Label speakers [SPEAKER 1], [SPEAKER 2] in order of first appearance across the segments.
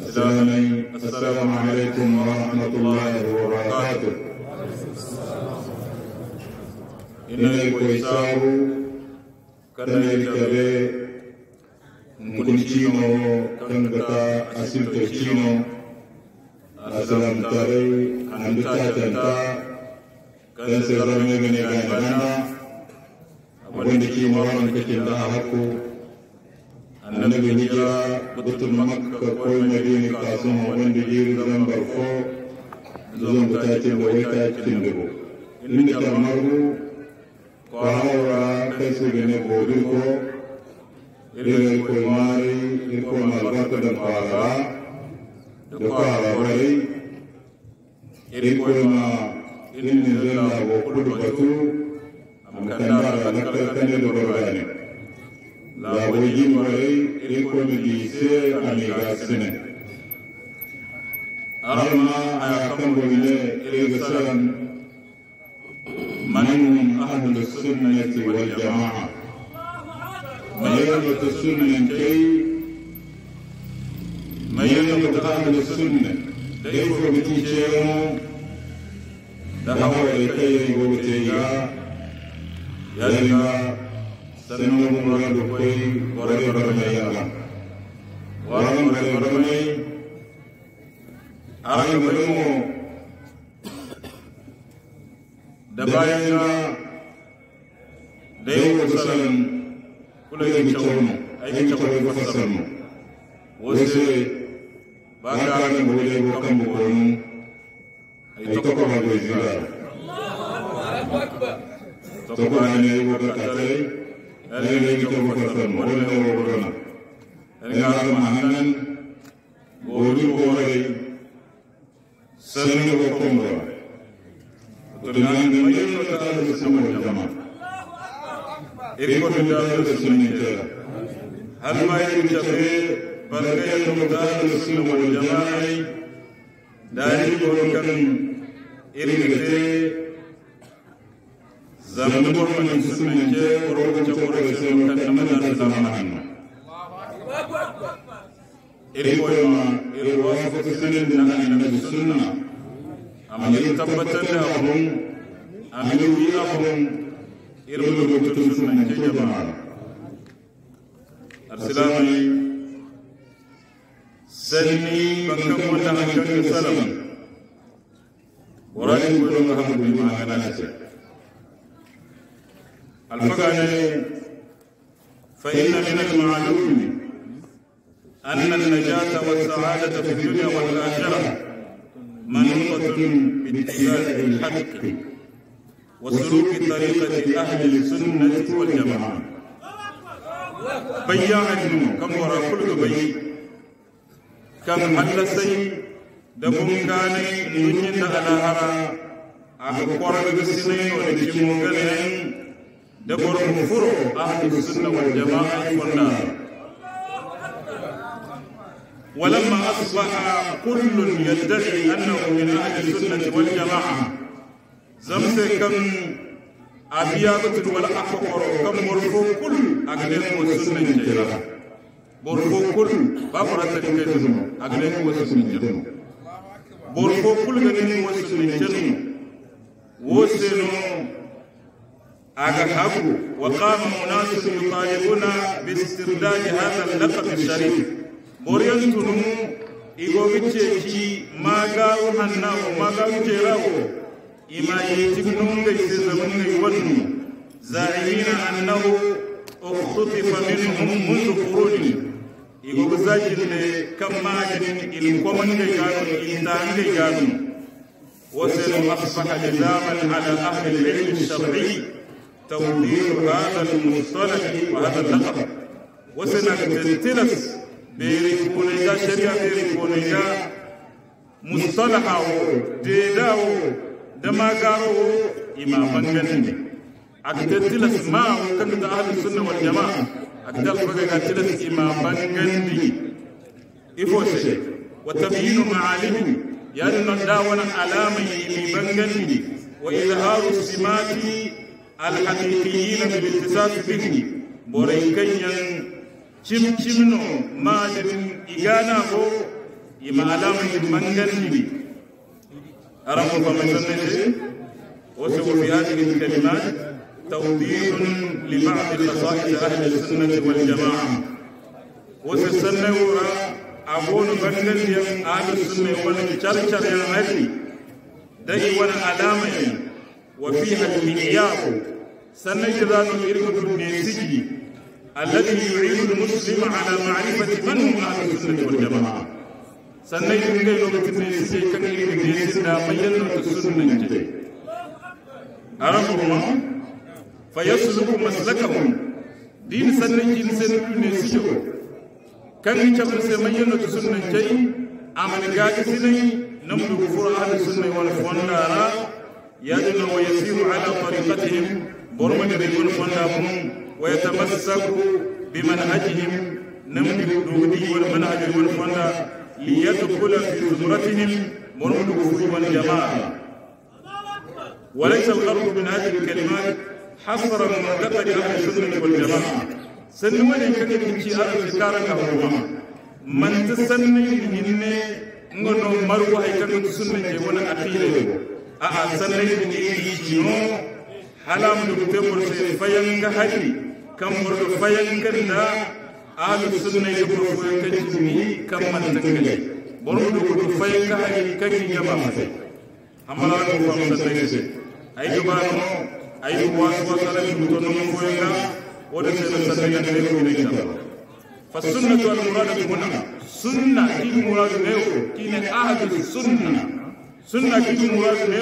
[SPEAKER 1] السلام عليكم ورحمة الله وبركاته
[SPEAKER 2] إنني كويسار كنني كبي مكنشينو
[SPEAKER 1] كنكتا أسيل أسلام تاري أندتا تنتا كنسي رمي من يغاني غانا وندكي مرانك تنتا حقو annabi hijira butul makka koy madina kasum wonde jiri zambar fo zombo tatin bo wayta tindego inde ta margu ko hawra kaysude ne bodir ko irel koy mari ir ko mal barka dan parara do para bari ir koy ma inni zella bo kudu batu am kandara nakal kanelo barbani la wajin warai ekolu di se amiga sene arama aya kambo ile ega salam manum ahlu sunnati wal jamaa ميلة السنة كي ميلة أهل السنة كيف بتيجيهم
[SPEAKER 2] دهوا لكي يقولوا تيجا يلقى senugo murado koy warade
[SPEAKER 1] barame
[SPEAKER 2] ನೆರವೇರಿಸಲ್ಪಡುತ್ತಾರೆ ಮೊದಲನೇ ಒಳಗೋಣ
[SPEAKER 1] ಹನ್ನೆರಡು ಒಂದು ಕೋರೈ ಸರಣಿ ಒಪ್ಪಂದ ಹಲ್ಮಾಯಿ ಜತೆ ಬಲಗೈಯನ್ನು ಮುಸ್ಲಿಮರು ಜಮಾಯಿ ದಾರಿ ಕೋರಕನ್ ಇರಿಗತೆ
[SPEAKER 2] زمن برمن انتسمن
[SPEAKER 1] كي قرودن تقول سيما كأمنا تسمعنا عنه
[SPEAKER 2] إريكوما إروافتو سنن دنا أنب السنة أما يتبتن أهم أملو يأهم إرمدو بتن سنن كي جمعنا أرسلامي
[SPEAKER 1] سني بكم وتحكم سلام ورأيكم لهم هذا بما أنا أسأل الحكم فإن من المعلوم أن النجاة والسعادة في الدنيا والآخرة منوطة باتباع الحق وسلوك طريقة أهل السنة والجماعة بيا كم ورا كل بي كم حل سي
[SPEAKER 2] دبم كان ينيت على هرا أخبر بسنين ونجمو
[SPEAKER 1] دبر كفر أهل السنة والجماعة والنار ولما أصبح كل يدعي أنه من أهل السنة والجماعة زمت كم أبيات ولا أفقر كم مرفو كل أقلم والسنة جيرا مرفو كل بفرة كيدن أقلم والسنة جنو مرفو كل أقلم والسنة جنو وسنو akahabu waqama munasibu yuqalibuna biistirdadi hadha allaqab alsharif moriyantunu igobice ci magaru hannawo magaru cerawo imayitikununge isezamunge iwatnu zaimina annahu ukhutifa minhum mundu furuni igobuzajinne kammaganin ilkomange ganu intange ganu wasenu asbaha jazaman ala ahli lilmi shar'i توثيق هذا المصطلح وهذا اللقب وسنة تلتلف بيريكونيجا شريعة بيريكونيجا مصطلحه تيداو دماغارو إماما كنني أكتر تلف ما وكتب أهل السنة والجماعة أكتر فرقة تلف إماما كنني إفوسي وتبيين معالمه يعني نداونا علامة إماما كنني وإظهار سماته alhaqiqiyina bi ihtisas bihi kanyan cim cimno majirin igana ko ima alaman mangandi aram ko famasannete wasu wa fi hadhihi alkalimat توضيح لبعض خصائص اهل السنه والجماعه وسسنوا أقول بنجل يم آل السنة ولا شر شر يا مهدي علامة وفيها المحياب سنجرى نؤركم من سجي الذي يعين المسلم على معرفة من هو أهل السنة والجماعة سنجرى نؤركم من سجي كنيركم من سنة فينة السنة جدي أرمهم فيسلك مسلكهم دين سنجين سنجين سجي كان يشوف سمينة السنة جدي أمن قاعد سنجي نملك فرعة السنة والفوان دارا يدل ويسير على طريقتهم برمن بكل فنابهم
[SPEAKER 2] ويتمسك
[SPEAKER 1] بمنهجهم نمد دودي والمنهج والفنى ليدخل في زمرتهم برمد كفوف الجماعة وليس الغرب من هذه الكلمات حصر معتقد أهل السنة والجماعة سنواني كتب في ارض الكاركة هو من تسنى إنه مروه هيكلة السنة ولا أخيره a a sanarɗin iri cino halam dugte borse fayanga hari kam borɗo fayangarna ahlu sunna ye borfoy kacini kam manta kale borɗo dugto fayanga hari kaki ñamamate hamalano
[SPEAKER 2] famsa tagese ay jobano ay
[SPEAKER 1] waswasalam dugto nomo foyanga wode seno sanayande kowne jamba فالسنة المراد هنا سنة كي مراد له كي أهل السنة سنة المراسل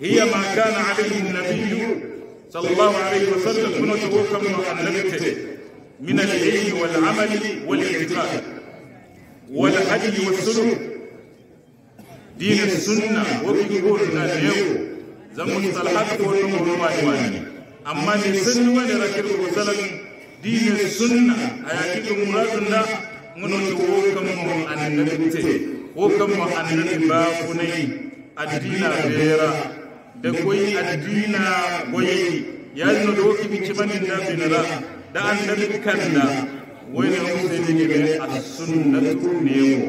[SPEAKER 2] هي ما كان عليه
[SPEAKER 1] النبي صلى الله عليه وسلم كنا توكم وأنبته من العلم والعمل والاعتقاد والهدي والسلوك دين السنة وكيقولنا اليوم زمن صلحات والنمر والواني أما السنة ولركب وسلم دين السنة أياكيد مراسلنا من توكم وأنبته ko kammo annabi baafunayi addina bera da koyi addina koyeyi yaalino ɗo iɓi cimandinna binara da annabi kanda wayne musenige ɓe assunnatu newo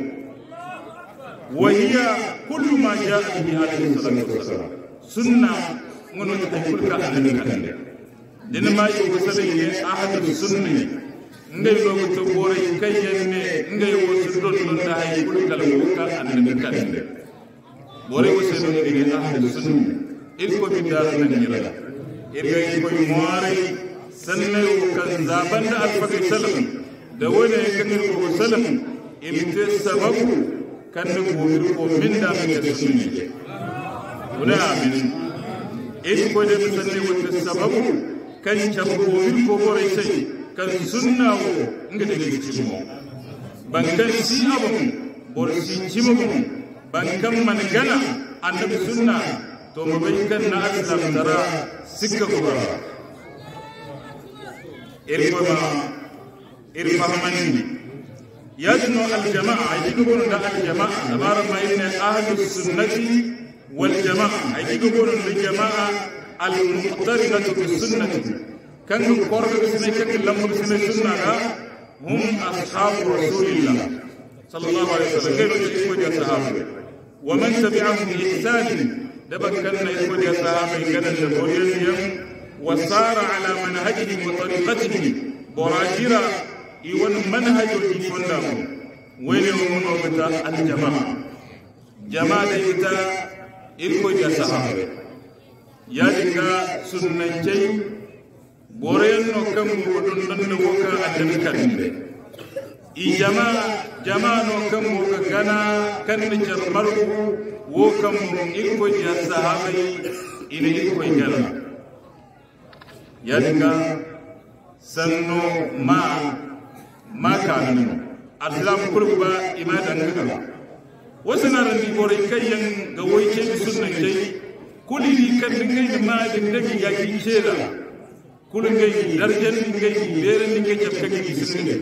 [SPEAKER 1] wa hiya kullu ma jaa bihi alayhi salatu wassalam sunna gono e kulka annabi kanda ndene yi yogo saɗa ye ahadu sunna ngay logo to bore kay yenne ngay wosu doddo daay kulkal ko ka annabi kande bore se no ni ahlu sunna il ko bi dara na ni rada il ngay ko moare sanne ko kan zaban da alfaka salam da ka ni ko salaf il te sababu kan ko ko min da ka sunni wala amin il ko de sanne ko sababu kan chambo ko ko bore sai kan sunna wo nga dege cimo bankan si abum bor si cimo ban kan man gana annabi sunna to mo bai kan na aslam tara sikka ko ba irko ma irfa manni yajnu al jamaa ajidu gon da al jamaa dabara ma inna ahlus sunnati wal jamaa ajidu gon da jamaa al muqtarina bis sunnati كان كورك بسنة كان لم بسنة سنة هم أصحاب رسول الله صلى الله عليه وسلم كيف يسود يا صحابة ومن تبعهم بإحسان دبك كان يقول يا صحابة كان يسود وصار على منهجهم وطريقتهم براجرة يون منهج لهم وين يومون الجماعة جماعة إتا إلكو يا صحابة يا دكا سنة borenno kambo ɗon ɗonno wo a addani kande i jama jamano kambo ka gana kanne jar margu wo kambo ikkoy jar sahabai ina ikkoy gana yadga sanno ma ma kanino adlam kurba ima dangaga wasu na da kai yan ga wai ke sunnan kai kuli kan dingai ma din da ya kin shela kulu ngay darjen ngay bere ni ngay cap kaki isinde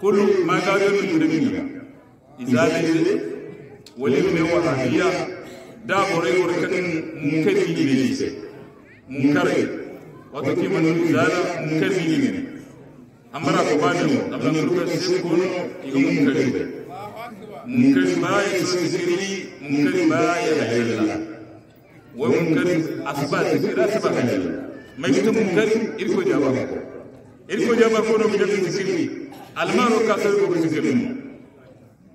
[SPEAKER 1] kulu magaro ni ndemiya izabe ne
[SPEAKER 2] wali me wahabiya
[SPEAKER 1] da bore gore kan munkari ni ne se munkari wato ke manu zala munkari ni ne amara ko bani abdan ruka se kono iga munkari be munkari ba ya
[SPEAKER 2] sirri munkari ba ya halalla wa munkari asbat kira sabaka halalla ma yuktabu kari
[SPEAKER 1] irko jaba ko irko jaba ko no bidan zikirni almaro ka sai ko zikirni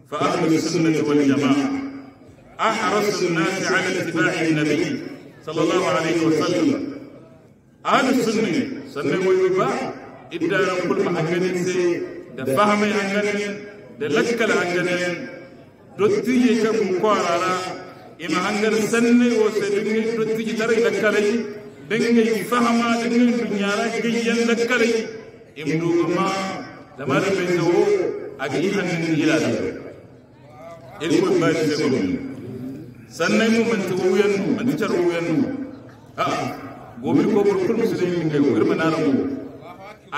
[SPEAKER 1] fa ahlu sunnati wal jamaa ahrasu an-nas ala ittiba'i an-nabi sallallahu alayhi wa sallam ahlu sunni sanne mo yuba idda kul ma hakanin sai da fahmi hakanin da lakkal hakanin dottiye kan ko arara ima hangar sanne o sai dunni dottiji tare lakkalai dangi fahama dangi dunyara gayyan zakkari imdu kuma zamar bai zo a ga hannun ilada ilmu ba shi da gobe sannan mu manta wuyan nu manta tar wuyan nu a gobe ko burkul musulmi ne ko irma na rabu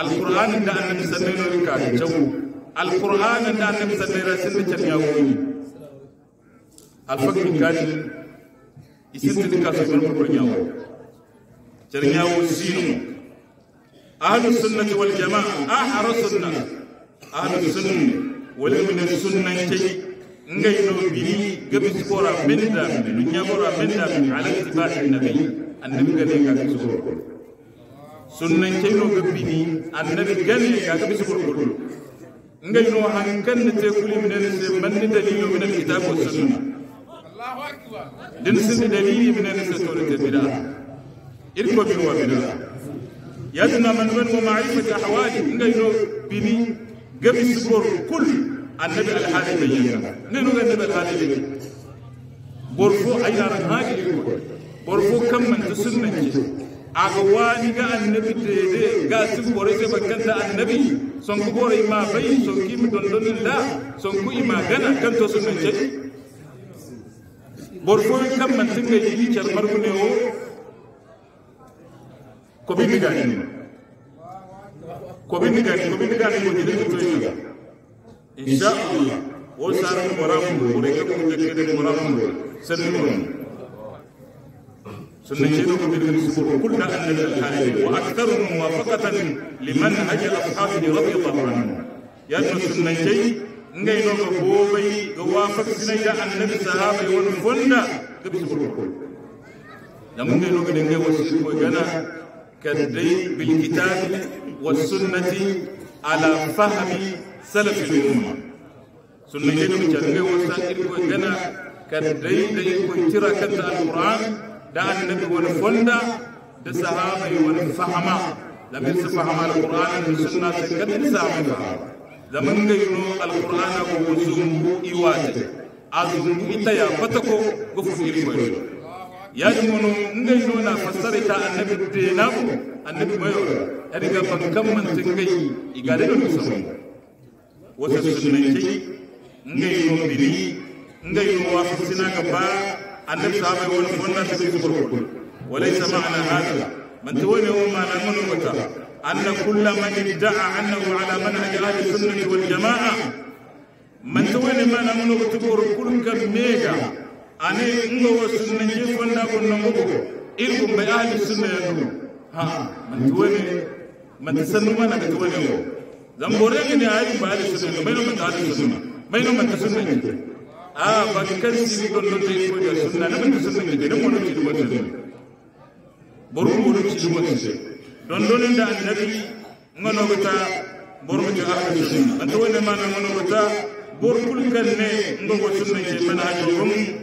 [SPEAKER 1] alqur'ani da annabi sannan ne ka jawu alqur'ani da annabi sannan ne sun ta ya goyi alfakin gani isin tilka sai burkul yawo ጀርኛው ሲኑ አህሉ ሱነት ወልጀማ አህረሱና አህሉ ሱን ወልምን ሱነን ቸይ ngay no bini gabis kora menda dunya kora menda ala ittiba'i nabi annabi gane ka gabis kora sunnan cey no gabbini annabi gane ka gabis kora ngay no hankan te kuli minen se manni dalilu min alkitab wa sunnah din sin dalili minen se tore te bid'ah إلكو بنوا بنوا يدنا من من ومعرفة أحواله إنه بني قبل سبور كل النبي الحالي بينا ننو النبي الحالي بينا
[SPEAKER 2] برفو أيضا هاجي
[SPEAKER 1] برفو كم من تسمى أغواني غا النبي تيدي غا سبوري سبكان دا النبي سنكو بوري ما بي سنكي مدندن الله سنكو إما غنا كان تسمى برفو كم من تنجي يلي شرمر كنه ko be migani ko be migani ko be migani ko jide ko toyiga insha Allah o saram moram ko re ko ko ke de moram ko sanni moram سنة شيخ ابن المسكور كل أهل الحالي وأكثرهم موافقة لمنهج أصحاب رضي الله عنهم يا سنة شيخ ngay no ko bobay ga wa fakina ya annabi sahaba won fonda ga bisu ko ko dam ngay no ko de ngay wasu ko gana كالبيت بالكتاب والسنة على فهم سلف الأمة سنة جنو جنبه وسائل وجنة كالبيت ديكو ترى كتا القرآن
[SPEAKER 2] دا النبي والفندى دا صحابة والفهمة لم يسفهم القرآن والسنة كتا صحابة
[SPEAKER 1] زمن ga القرآن alkur'ana إيواته wasu إتيا فتكو zumbu ita munu mono ngay noona fassara ta annabi deenaaɓo annabi mayo aɗa ga ban kam mante ngay i gaade ɗo tusamo wota sunnakey ngay no bini ngay no wafassinaga baa annabi sahabae won fonnataɓe sukorkol
[SPEAKER 2] walaysa mana hada
[SPEAKER 1] mante wani o mana wata anna kulla man idda'a annahu ala manhaji ahli sunnati waljamaa mante wone mana manogotogoro ka mega ani ngo sunna ji fanda ko no ko irko be ahli sunna ya no ha man tuwani man sanu mana ka tuwani ko zambore ke ne ayi ba ahli sunna mai no man ahli sunna mai no man sunna ji a ba kan si ko no te ko ya sunna na man sunna ji ne mo no ji wata ne boru mo ji wata ne don don da annabi ngono ko ta boru ji ahli sunna man tuwani mana ngono ko ta boru kulkan ne ngo ko sunna ji man ahli sunna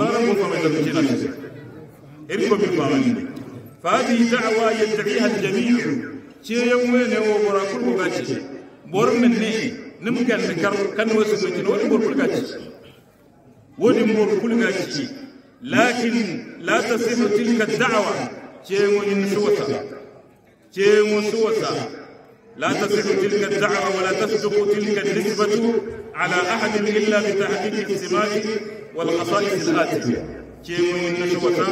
[SPEAKER 1] ضربوا فمن ذكر فهذه دعوة يدعيها الجميع شيء يوم هو برا كل باتشي بور من ني نمكن نكر كان وسبتين ودي بور كل باتشي ودي بور كل باتشي لكن لا تصح تلك الدعوة شيء إن سوتا شيء سوتا لا تصح تلك الدعوة ولا تصدق تلك النسبة على أحد إلا بتحقيق السماء والخصائص الآتية من تشوكا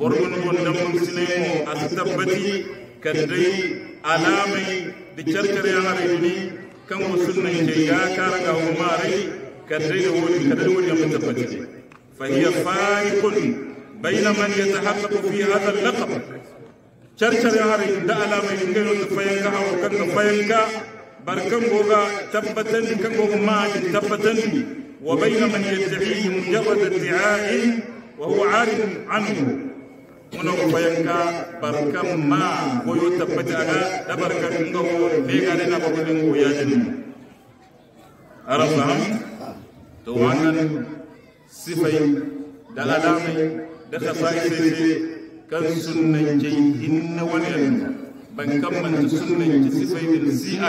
[SPEAKER 1] برمون وندمون سنين أستبتي كدري ألامي دشركر يا غريبني كم وصلنا إلى كارك أو ماري كدري ولي كدري ولي متبتي فهي فائق بين من يتحقق في هذا اللقب شرشر يا غريب دا ألامي نجيل تفينك أو كن تفينك بركم بوغا تبتن كم بوغا ما تبتن وبين من يدعيه مجرد ادعاء وهو عارف عنه muna koyanka barkan ma goyo tabbata ga da barkan ga ho ne ga ne na babulin goya din arafan to wannan sifai da alamai da tafaisai kan sunnan ke inna wannan ban kan manta sunnan ke sifai bil si'a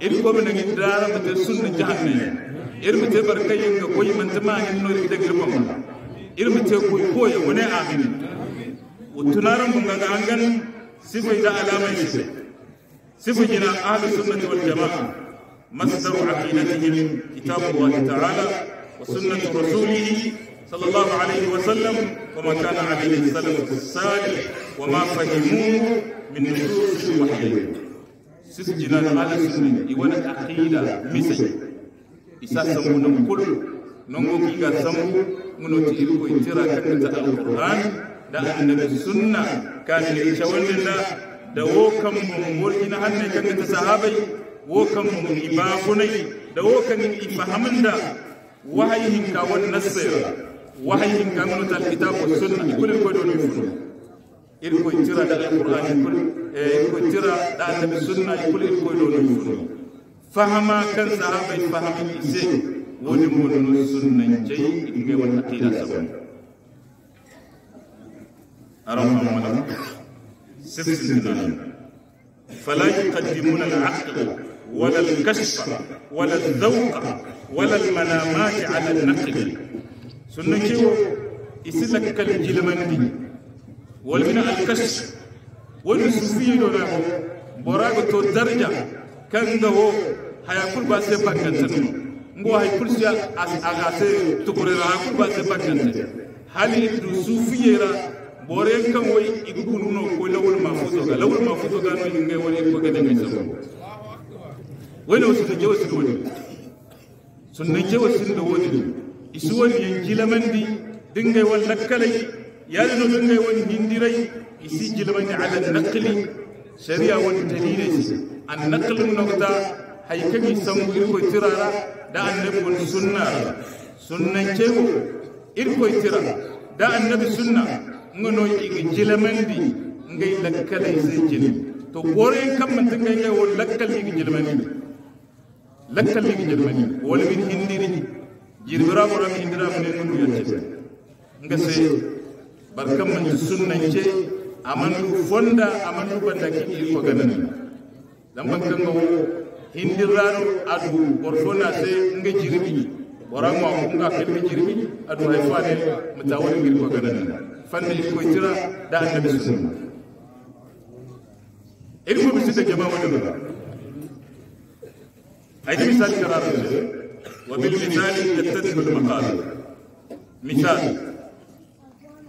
[SPEAKER 1] iri gomna ngi dara mate sunna jahanne iri mate barkay nga koy man ta mangi no ri degir bam iri mate koy koy wone amin utunaram bunga ga angan sifai da alama ni sai sifai jina ahlus sunnati wal jamaa masdar aqidatihim kitabullah
[SPEAKER 2] ta'ala wa sunnatu rasulih
[SPEAKER 1] صلى الله عليه وسلم وما كان عليه السلف الصالح
[SPEAKER 2] وما فهموه
[SPEAKER 1] من نصوص وحيه sisjinana ala sunni i wona aqida misay isa sambu no kul nongo kiga samu ngono ti ilu ko itira kakata alquran da annabi sunna kana ni shawallinda da wo kan mun wurina hannai ta sahabai wo kan mun ibabunai da wo kan ifahamda wahayin ka wannan nasira wahayin kan ta kitab sunna kullu ko do ni funu en koye tira ɗal alqur'ani kul e en koye tira ɗa annabi sunna e kul en koye ɗo noy funo fahama kan sahaba en fahami ise woni mono noy sunna jeyi ɗumge won aqida sabu aran mamalam sefsindinan fala yuqaddimuna alaqda wala alkashfa wala aldawqa wala almanamati ala alnaqli sunna kewo isi lakkal jilamandi والمن الكشف والسفيد له براغ تو درجة كان هو هيكون بس بكنتن ngo hay kulja as agase tukurera hakul ba se bakante hali du sufiyera boren kan wai igugununo ko lawul mafuzo ga lawul mafuzo ga no ngai wani ko ga dangai sabo wani wasu ta jawa su wani sun na jawa sun da wani isu wani yanki lamandi dingai wani nakkalai no si ngey woni hindiray i sijjilmani ala nakli sharia woni nga no ga nogta hay i sangu irkoy ra da annabi ra sunnara sunnancego irkoy tira da annabi sunna nga i ga jilamandi ngay lakkalay se jili to kaŋ kammantin ngay ngay woo lakkal iga jilamandi lakkal iga jilamandi wala min hindiri jirbira ma hindira mune ngundu yatte nga se barkan mu sunnance amanu fonda amanu banda ki iko ganani dan barkan go hindirano adu borfona se nge jirbi boran ma ko nga kelmi jirbi adu hay fane mutawal ngir ko ganani fanne ko tira da annabi sunna iri ko bisita jama'a da ba ay misal karatu wa bil misal tattadu al maqal misal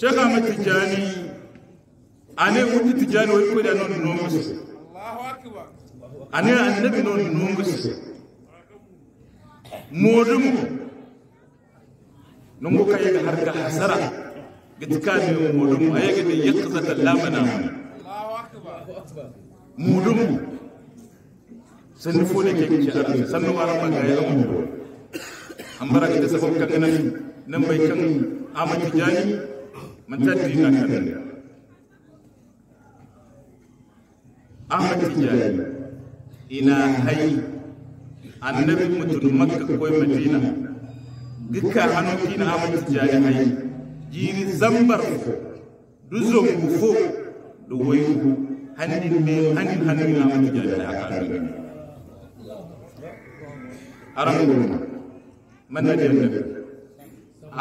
[SPEAKER 1] shekha ahmad tijani ane wuti tijani wani koda non nongus ane annabi non nongus modum nungo kaye ga harka hasara gitka ne modum aye ga ne yakzata lamana modum sanni fo ne ke ke arasa sannu wara ma ga yawo ambara ga sabu kan nan nan bai kan amati jani Menteri Negara Ahmad Tijani ina hai annabi mutum makka ko madina gika hano kina Ahmad Tijani hai jiri zambar duzon gufo da wayu hannun me hannun hannun Ahmad Tijani da aka aran goma manna da annabi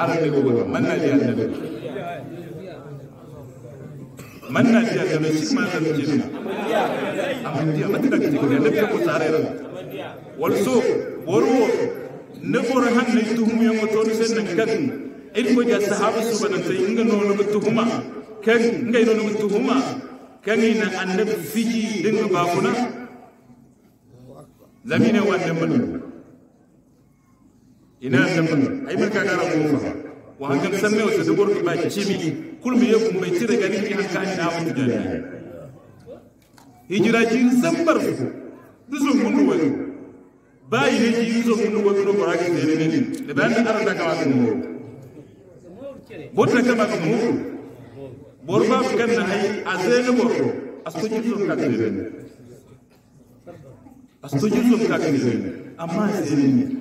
[SPEAKER 1] aran goma manna da annabi mannadiya gano sigma gano jinna amandiya matida kitikine nebbe ko sarera wal so worwo ne bor han ne tuhum yo moto ni sen kan ir ko ja sahaba su banan tay inga no no tuhuma kan inga no no tuhuma kan ina annabi fiji dinga ba kuna zamine wannan mun ina da mun ai mun ka gara ko fa وهنجم سمي وسدبور ما تشيبي كل ما يبقى مبتدى في يحن كان نعم تجاني هجرة جين سمبر نزل من وين باي هجي نزل من وين لو براك تيرين لبان أردا كما تنمو بوتنا كما تنمو
[SPEAKER 2] بوربا كان هاي أزين بورو أسكوجي سوم كاتيرين أسكوجي سوم
[SPEAKER 1] كاتيرين أما زين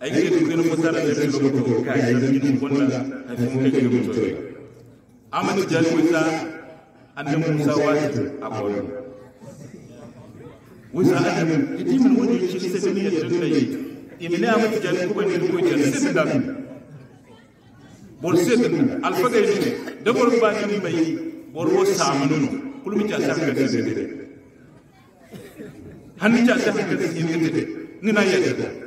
[SPEAKER 1] ayinge dukene mutara ne bilo mutu ka ayinge dukonda afumu ke jiru mutu amani jani wita anne musa wati akolo wisa anne iti min wodi ci se ni yedde tayi imne amati jani ko ni ko jani se da fi bor se alfa ga ni de bor ba ni mai bor wo sa manuno kulmi ta sa ka se de hanni ta sa ka se ni de ni na yedde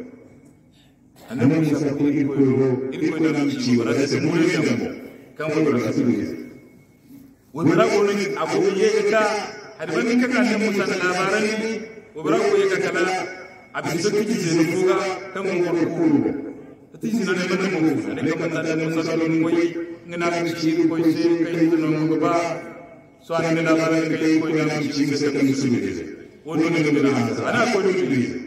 [SPEAKER 1] annabi Musa ko irko yo irko na mi ci wala se mo le mun kan ko la su ni wa bara ko ne abu ye ka hadban ka ka ta Musa da labaran ni wa bara ko ye ka kala abin da kike je ni koga kan mo ko ko ti si na ne ba ko ne ka ta da Musa da ni koyi ngana mi ci ko se kai no ko ba
[SPEAKER 2] so an ne labaran kai ko ko mi ci ga se kan su ni wani ne ga ana ko ni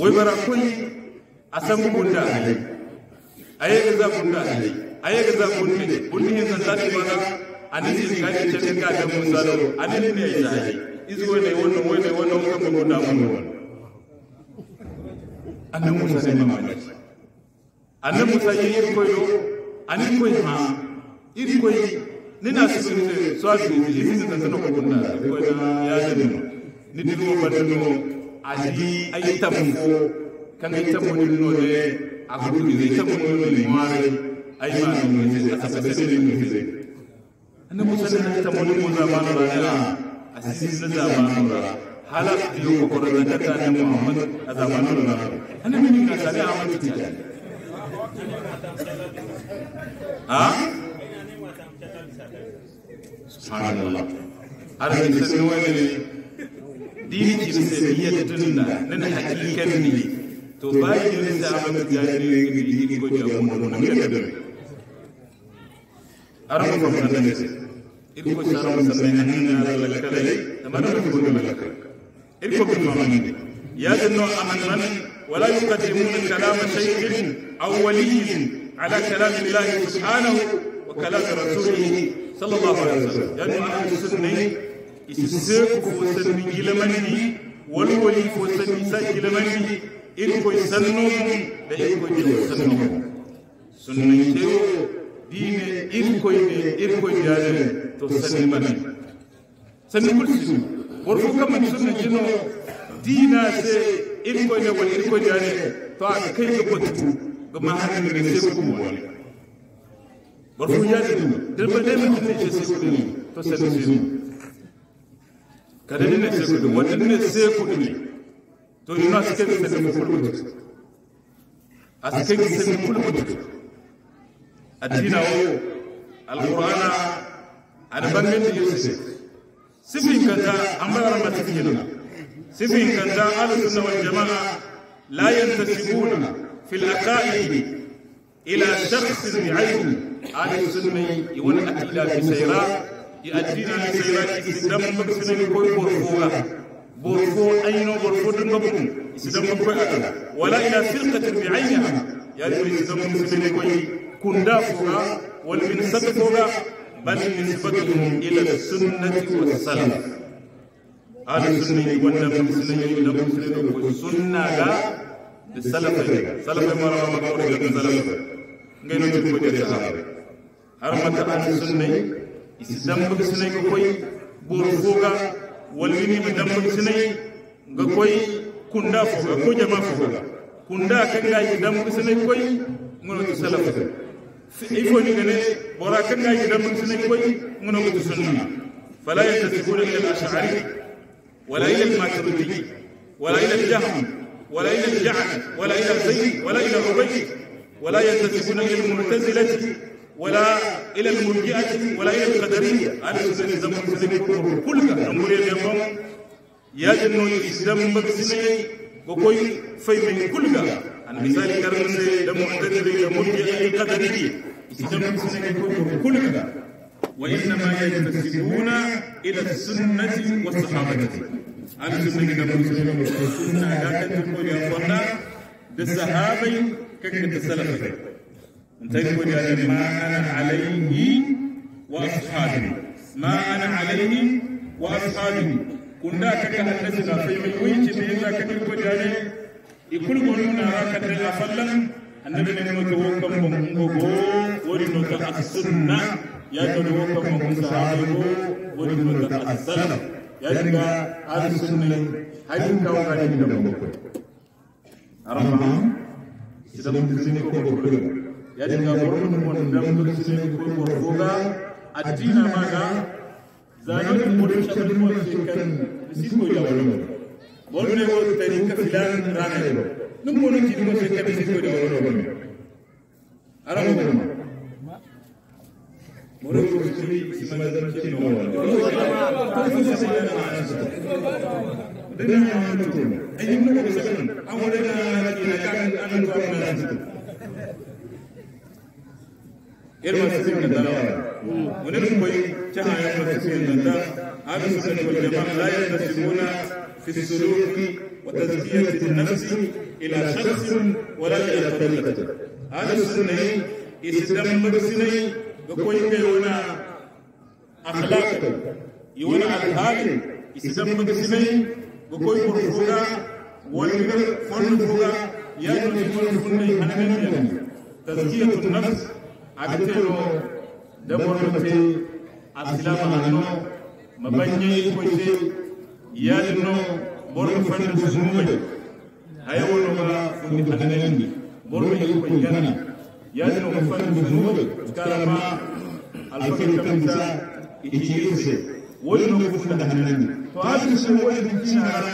[SPEAKER 2] woy bara kundi asambu bunda
[SPEAKER 1] ayege za bunda ayege za bundi bundi hinza bana anini zikati chete kada musalo anini ne izaji izi wene wono wene wono kama bunda muno anna musa ne mamaji anna musa yeye koyo ani koyo ha iri koyo nina sisirite swati hizi tantano kwa bunda koyo ya zenu nitikuwa batano adi ay tabu fo kan ay tabu no le agudu ni tabu no le mare ay ma no le asabese le no le ana musa na tabu no na ma no la asis na da ma no la hala yo ko ko da ta na muhammad azamanu na
[SPEAKER 2] ana min ka sale
[SPEAKER 1] amatu tijani ha
[SPEAKER 2] subhanallah arzikin wani ne دينتي مسيرية تننا نن حقيقة ني تو باي يونس
[SPEAKER 1] أمك جاني ديني كو جامون من يدم أرمو كمان نسي إلكو شارم سمعنا نن على لكالي أمانا كو كمان لكالي إلكو كمان ني يا جنو أمن من
[SPEAKER 2] ولا يقدمون كلام شيخ
[SPEAKER 1] أو ولي على كلام الله سبحانه وكلام رسوله صلى الله عليه وسلم يعني أهل السنة isise ko sanni gilamani wol woli ko sanni sa gilamani ir ko sanno da ko jil sanno sunna ke dine ir ko ne ir ko jare to sanni mani sanni kursi wor ko kam sunna jino dina se ir ko ne wol ir ko jare to a kai ko tu ga mahanin ne ko ku wani wor ko jare dirba dai mun ne ko ku to sanni kada ni ne sai kudin wani ne sai kudin ne to ni na suke sai da kulmutu a suke sai da kulmutu addina wo alqur'ana adaban min da yusuf sifin kanta amma ran ba take nan sifin kanta al-sunna wal jama'a la yantasibuna fil aqaid ila shakhs bi'ayni al-sunni wal aqida fi sayra يؤدينا لسيرات سيدام مكسنا كوي بورفوغا بورفو أينو بورفو دنبكم سيدام مكوي ولا إلى فرقة بعينها يعني سيدام مكسنا كوي كندا فوغا والمنسة فوغا بل نسبتهم إلى السنة والسلف هذا السنة يوانا مكسنا يوانا مكسنا كوي سنة السلف سلف مرة مرة مرة سلف غير نتبكر يا حرمة عن السنة isi dambug sinay ga koy bor foga walwini ma dambug sinay ga koy kunda foga ko jama foga kunda kanga yi dambug sinay koy ngono to salaf il faut ni gane bora kanga yi dambug sinay koy ngono to sunna fala yantasibuna ila al-ash'ari wala ila al-maturidi wala ila al-jahm ولا إلى الجعد ولا إلى الزيد ولا إلى الربيع ولا ينتسبون إلى المعتزلة ولا الى المرجئه ولا الى القدريه انا اسلم اذا كل امور اليوم يا جنو اسلم مكسي وكوي فهم كلك انا مثال كرم ده معتذر الى مرجئه القدريه اسلم مكسي كل كلك وانما ينتسبون الى السنه والصحابه انا اسلم كده السنه لا تنتقل
[SPEAKER 2] الى الصحابه
[SPEAKER 1] كانت تسلفت أن تكون ما أنا عليه واصحابه ما أنا عليه واصحابه كنا كتحدثنا في مكوين تبيزا كتبو جاني يقول قولنا راك تلا فلن النبي نمو توقم بمهنغو ورنو تأسلنا يا من بمهنغو صحابه ورنو تأسلنا يا أرسلنا هل كوكا نجد بمكوين أرحمه سيدنا مكسيني كوكو yalinga goromɗum on ɓemɗo sine koye gor foga addina maga zanon goɗum caɓatumon se kan sikko jawalomo bolne o tari ka filan ranayɗo ɗum gono kiɗimo se kaɓe sikko jawalonogomi ara ogoma moɗo gotiri simagantinowala dengan yang itu. Ini menurut saya, awalnya kita akan akan
[SPEAKER 2] المسلمين الدلوة ونبقي جهة المسلمين الدلوة أهل السنة والجماعة لا يلتزمون
[SPEAKER 1] في السلوك وتزكية النفس إلى شخص ولا إلى طريقة أهل السنة إسلام مدسنة وكوين كيونا أخلاقا يونا أخلاقا إسلام مدسنة وكوين مرفوقا والمدر فن مرفوقا يعني مرفوقا تزكية النفس agitero damonote asilama anno mabanye kote yadno borno fande sumbe hay wono ma fundi ananandi borno yi ko yana yadno ko fande sumbe karama alfakir kamisa itirse wono ko fundi ananandi to hadin sun wani cinara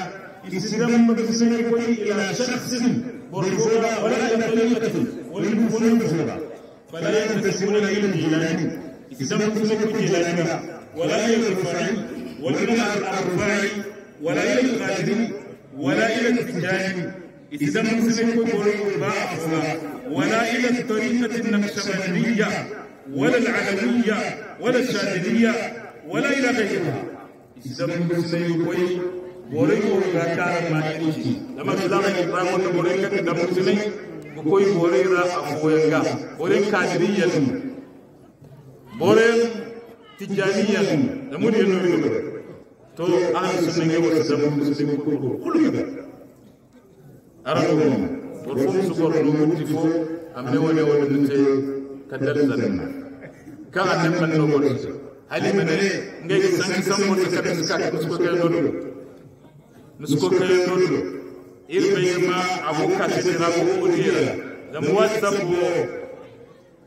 [SPEAKER 1] islam magdisani koyi ila shakhsin borno wala ila tariqatin wala borno فلا ينتسبون إلى الجيلاني يسمون الجيلاني ولا إلى الرفاعي
[SPEAKER 2] ولا إلى الرفاعي
[SPEAKER 1] ولا إلى القادم ولا إلى التجاني
[SPEAKER 2] يسمون الجيلاني ولا إلى الطريقة النقشبندية ولا العلوية
[SPEAKER 1] ولا الشاذلية ولا إلى غيرها يسمون الجيلاني borai ko ga kara ma لما lama da zamani ba wata koy borera afoyenga boren kadiriyan boren tijaniyan da mun yeno ah, yeno to an sunne ngi wata da mun sunne ko ko kullu ga arano mo por fo su ko lu mun ti fo amne wone wone dinte kadar zan ka an man no ko halima ne ngai san san mo ta kadar ka ko ko ko ko ko ko
[SPEAKER 2] ilmihima abuka sitira kukudia zamu wasabu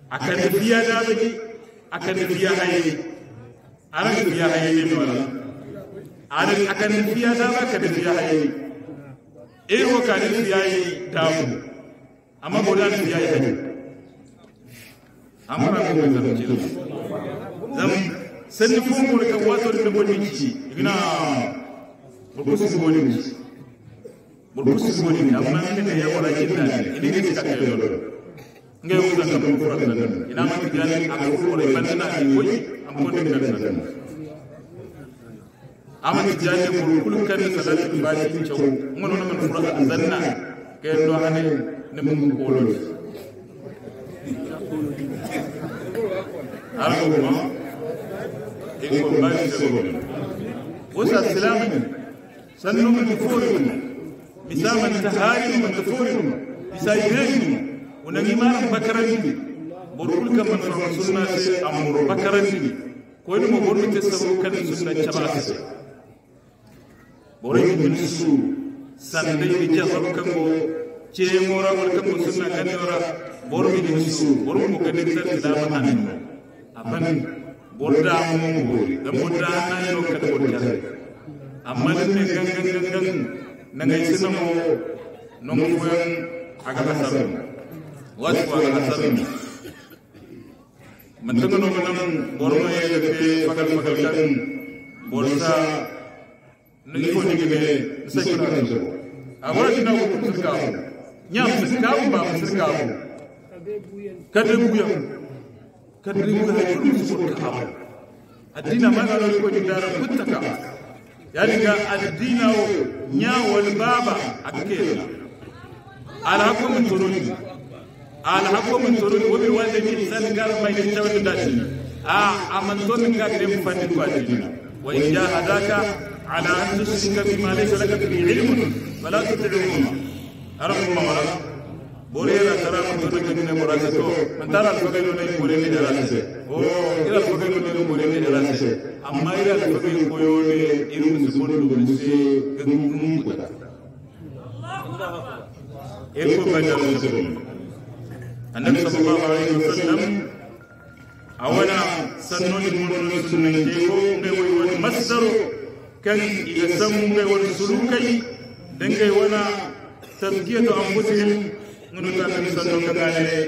[SPEAKER 2] akanifiya damiji
[SPEAKER 1] akanifiya hayi ananifiya hayi ne wala anan akanifiya dama akanifiya hayi iro kanifiya hayi damu amma bodan fiya hayi amma ran ko zan ci zam sanni fu mo ka wato da bonni ci ina ko ko su bonni ci burkusi boni ini jani kan a ko wala banna ni koyi am ko ne
[SPEAKER 2] ngono na man furat ke do hane
[SPEAKER 1] ne mun ko lolo ko
[SPEAKER 2] ba
[SPEAKER 1] ko ko misaman taharinuma tafurinuma misayireyinuma unangimaram bakarandini borul kam man fama sunna se amuro bakarandini koynuma bormite sabu kan sunna cabase boroy min su sandeyɓe jasabu kango ceemora wol kango sunna gandiora bormi min su bormo gadir tan dama hanimo aban borda mo ngori da borda hanayno kada borda amma geng geng nangay sinango nongofuyan agalasam wajwa agalasam mentengono menang borno ye gete pakal pakal kan borsa niko ni gebe sai kan so amara kina ko sirkaw nyam sirkaw ba sirkaw kadre buya kadre buya kadre buya adina mana ko ni dara kuttaka yaliga alidina o nya wal baba akela ala hakum turuni ala hakum turuni wobi wanda ni sangar mai ni tawda dati a aman to min ga dem fandi ko adina
[SPEAKER 2] wa in jahadaka
[SPEAKER 1] ala an tushrika bima laysa laka bi ilmun fala tuti'huma arhamma wa rahmah borera tara ko to ke ne morase to antara ko ke ne e bore ne dara se o ira ko ke ne e bore ne dara se amma e ira ko ke ko yo ne iru mun ko do mun se mun mun ko da
[SPEAKER 2] el ko ba dara se
[SPEAKER 1] annabi
[SPEAKER 2] sallallahu alaihi wasallam awana sannoni mun sunan ke ko ngai wani masdaru
[SPEAKER 1] kan idan mun ngai wani sulukai dan wana tazkiyatu anfusihim منذ أن صلى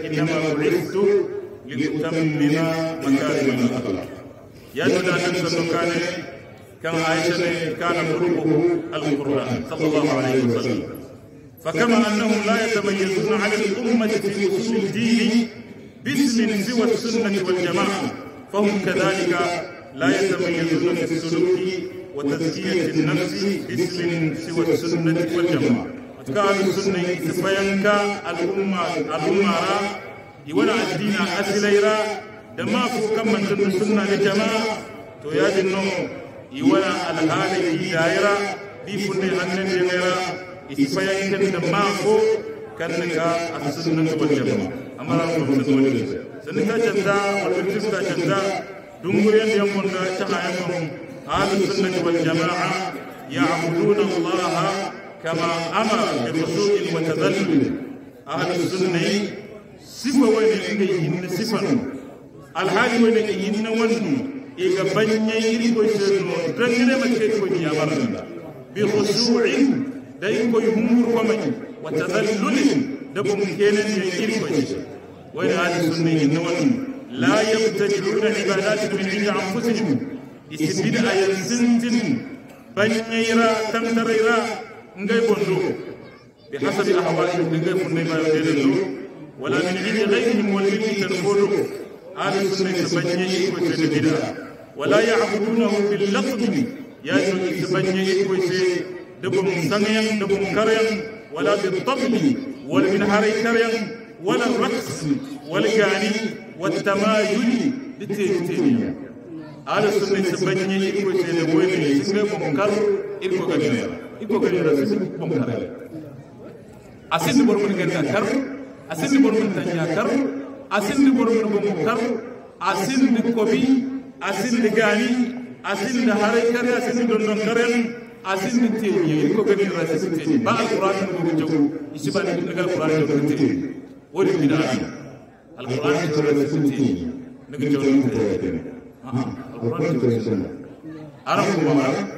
[SPEAKER 1] إنما بعثت لأتمم مكارم الأخلاق يا أن صلى قال كما عائشة كان قلوبه القرآن صلى الله عليه وسلم فكما أنهم لا يتميزون على الأمة في أصول الدين باسم سوى السنة والجماعة فهم كذلك لا يتميزون في السلوك وتزكية النفس باسم سوى السنة والجماعة kanu sunne ita bayanka al'umma al'umma iwana da ma ku kan mantun sunna da jama'a
[SPEAKER 2] to ya din no iwana alhali ki daira
[SPEAKER 1] da mera ita bayanka كما أمر بالخشوع والتذلل أهل السنة صفة وين إن صفة الحال وين إن وين إيجا بني إيجا شنو تنجر ما كيف يا مرحبا بخشوع دايكو يهمور ومن وتذلل دبو مكينا إيجا وين أهل السنة إن وين لا يبتدعون عبادات من عند أنفسهم يسبين أيا سنتين بني تمتريرا نجاي بونجور بحسب أحوالهم نجاي فني ما يدينه ولا من عند غيرهم والذي تنفوله آل سنة تبنيه وتنجده ولا يعبدونه باللغو يا سنة تبنيه وتنجده دبم سنين دبم كرين ولا بالطبل ولا من حري كرين ولا الرقص ولا يعني والتمايل لتيتينيا
[SPEAKER 2] على سنة تبنيه وتنجده وين يسمى مكر إلكو كبيرة iko gari da su ban kare asin ni bormun gari da kar asin ni bormun tan ya kar asin ni bormun ban kar asin ni kobi
[SPEAKER 1] asin ni gani asin ni hare kare asin ni don don karen asin ni tiye iko gari da su tiye ba alquran ko jago isi ba ni daga alquran ko tiye wodi bida alquran ko da su tiye ne ga jago alquran ko da su tiye ara ko ma